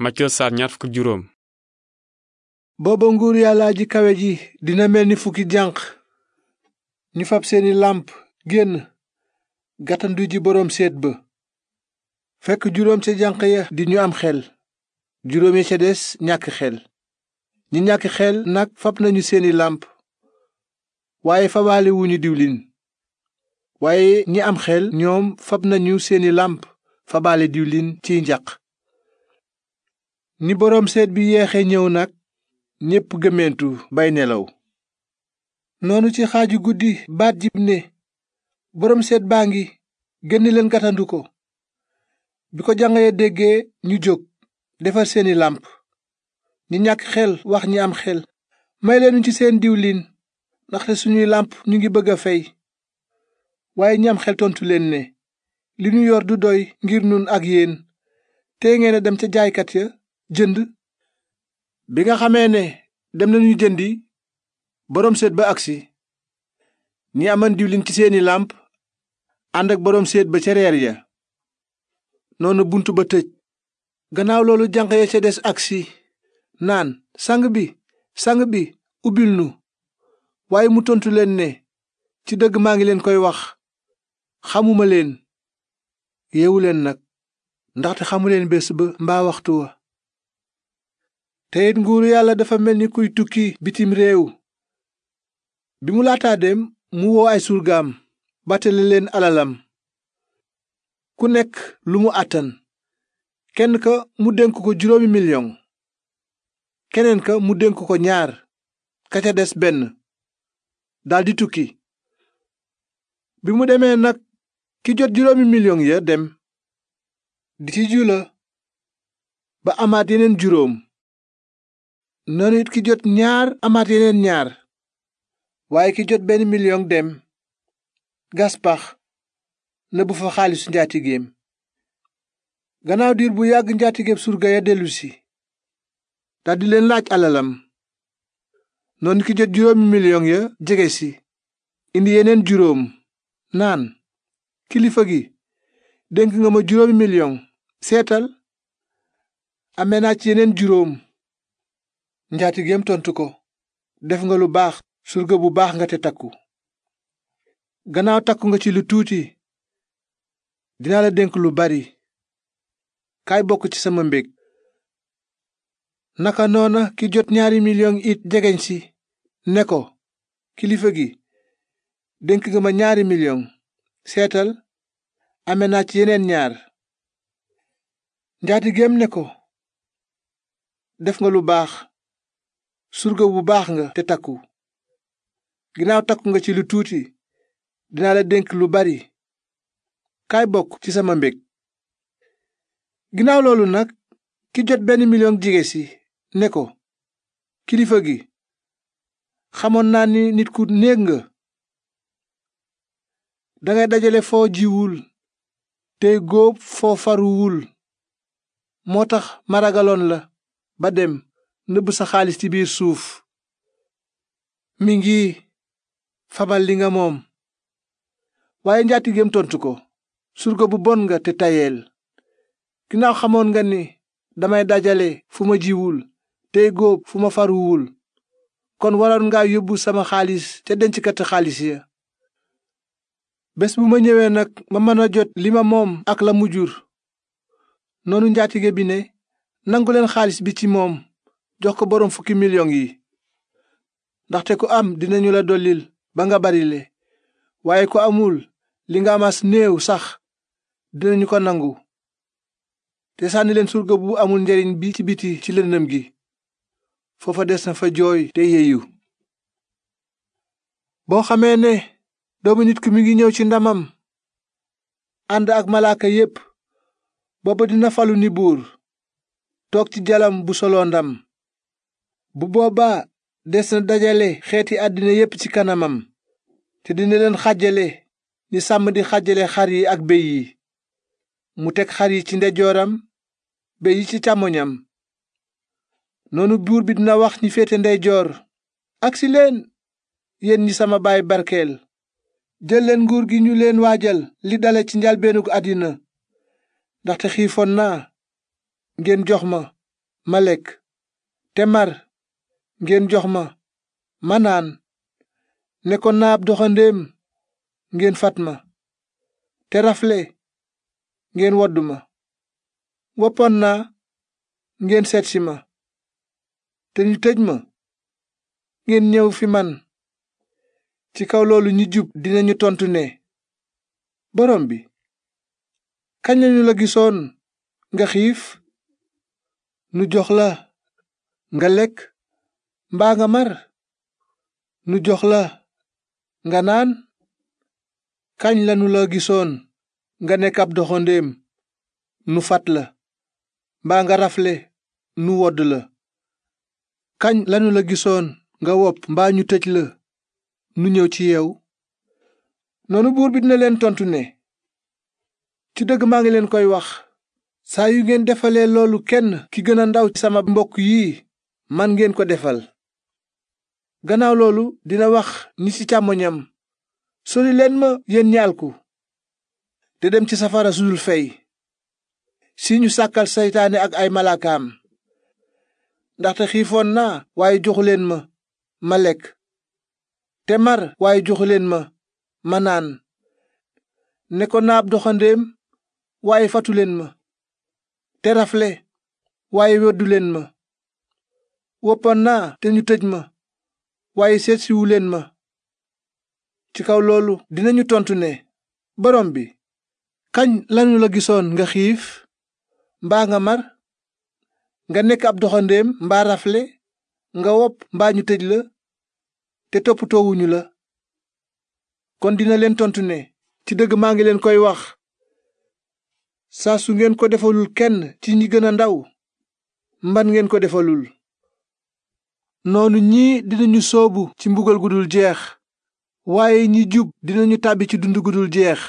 Matthieu saar ñaar fukk juróom booba nguur yàllaa ji kawe ji dina mel ni fukki jànq ñu fab seeni làmp génn gàttandu ji boroom seet ba fekk juróom ca jànq ya di ñu am xel juróom ya ca des ñàkk xel ñi ñàkk xel nag fab nañu seeni làmp waaye fabaale diwlin waaye ñi am xel ñoom fab nañu seeni làmp fabaale diwlin ciy njaq ni boroom seet bi yeexe ñëw nag ñépp gëmmentu bay nelaw noonu ci xaaju guddi baat jib ne boroom seet baa ngi génn leen gatandu ko bi ko janq ya déggee ñu jóg defar seeni làmp ñi ñàkk xel wax ñi am xel may ci seen diwlin ndaxte suñuy làmp ñu ngi bëgg a fey waaye ñi xel tontu leen ne li ñu yor du doy ngir nun ak yéen tee ngeen a dem ca jaaykat ya jënd bi nga xamee ne dem nañu jëndi boroom seet ba agsi ñi aman diwlin ci seeni làmp ànd ak boroom seet ba ca reer ya noonu bunt ba tëj gannaaw loolu jànq ya ca des agsi naan sang bi sang bi ubbil nu waaye mu tontu leen ne ci dëgg maa ngi leen koy wax xamuma leen yeewu leen nag ndaxte xamuleen bés ba mbaa waxtu wa te it nguuru yàlla dafa mel ni kuy tukki bitim réew bi mu laataa dem mu woo ay surgaam batale leen alalam ku nekk lu mu àttan kenn ka mu dénk ko juróomi miliyon keneen ka mu dénk ko ñaar ka ca des benn daldi tukki bi mu demee nag ki jot juróomi miliyon ya dem di ci jula ba amaat yeneen juróom noonu it ki jot ñaar amaat ñaar waaye ki jot benn million dem gaspax pax na bu fa xaalisu njaatigeem gannaaw diir bu yàgg njaatigeem surga ya dellusi daldi leen laaj alalam noonu ki jot juróomi million ya jege si indi yeneen juróom naan kilifa gi dénk nga ma juróomi seetal amee naa ci yeneen juróom njaatigeem tontu ko def nga lu baax surga bu baax nga te takku gannaaw takku nga ci lu tuuti dinaa la dénk lu bari kaay bokk ci sama mbég naka noona ki jot ñaari million it jegeñ si ne ko kilifa gi dénk nga ma ñaari million seetal ame naa ci yeneen ñaar njaatigeem ne ko def nga lu baax surga bu baax nga te takku ginaaw takku nga ci lu tuuti dinaa la dénk lu bari kaay bokk ci sama mbég ginaaw loolu nag ki jot benn million jige si ne ko kilifa gi xamoon naa ni nit ku néeg nga dangay dajale foo jiwul tey góob foo faruwul moo tax ma ragaloon la ba dem nëbb sa xaalis ci biir suuf mi ngi fabal li nga moom waaye njaatigéem tontu ko surga bu bon nga te tayeel ginnaaw xamoon nga ni damay dajale fu ma jiwul tey góob fu ma faruwul kon waroon nga yóbbu sama xaalis ca denckati xaalis ya bés bu ma ñëwee nag ma mën a jot li ma moom ak la mu jur noonu njaatige bi ne nangu xaalis bi ci moom jox ko boroom fukki million yi ndaxte ku am dinañu la dollil ba nga barile waaye ku amul li nga amas néew sax dinañu ko nangu te sànni leen surga bu amul njariñ bi ci biti ci lëndëm gi foofa des na fa jooy te yeeyu boo xamee ne doomu nit ki mi ngi ñëw ci ndamam ànd ak malaaka yépp booba dina falu ni buur toog ci jalam bu soloo ndam bu boobaa des na dajale xeeti àddina yépp ci kanamam te dina leen xajale ni sàmm di xajale xar yi ak béy yi mu teg xar yi ci ndeyjooram béy yi ci càmmoñam noonu buur bi dina wax ñi féete ndeyjoor agsi leen yéen ñi sama baay barkeel jël leen nguur gi ñu leen waajal li dale ci njalbeenug àddina ndaxte xiifoon naa ngeen jox ma ma lekk te mar ngeen jox ma manaan naan ne ko naab doxandéem ngeen fat ma te rafle ngeen wodd ma woppoon naa ngeen seetsi ma te ñu tëj ma ngeen ñëw fi man ci kaw loolu ñu jub dinañu tontu ne borom bi kañ lañu la gisoon nga xiif nu jox la nga lekk mbaa nga mar nu jox la nga naan kañ lanu la gisoon nga nekk ab doxandéem nu fat la mbaa nga rafle nu wodd la kañ lanu la gisoon nga wopp mbaa ñu tëj la nu ñëw ci yow noonu buur bi dina leen tontu ne ci dëgg maa ngi leen koy wax saa yu ngeen defalee loolu kenn ki gën a ndaw ci sama mbokk yii man ngeen ko defal gannaaw loolu dina wax ñi ci càmmoñam sori leen ma yéen ñi alku te dem ci safara su dul fey si ñu sàkkal seytaane ak ay malaakaam ndaxte xiifoon naa waaye joxu leen ma ma lekk te mar waaye joxu leen ma ma naan nekkoon naa ab doxandéem waaye fatuleen ma te rafle waaye wedduleen ma woppoon naa te ñu tëj ma waaye seetsiwu leen ma ci kaw loolu dinañu tontu ne borom bi kañ lanu la gisoon nga xiif mbaa nga mar nga nekk ab doxandéem mbaa rafle nga wopp mbaa ñu tëj la te toppatoowuñu la kon dina leen tontu ne ci dëgg maa ngi leen koy wax saa su ngeen ko defalul kenn ci ñi gën a ndaw mban ngeen ko defalul noonu ñii dinañu soobu ci mbugal gu dul jeex waaye ñi jub dinañu tàbbi ci dund gu dul jeex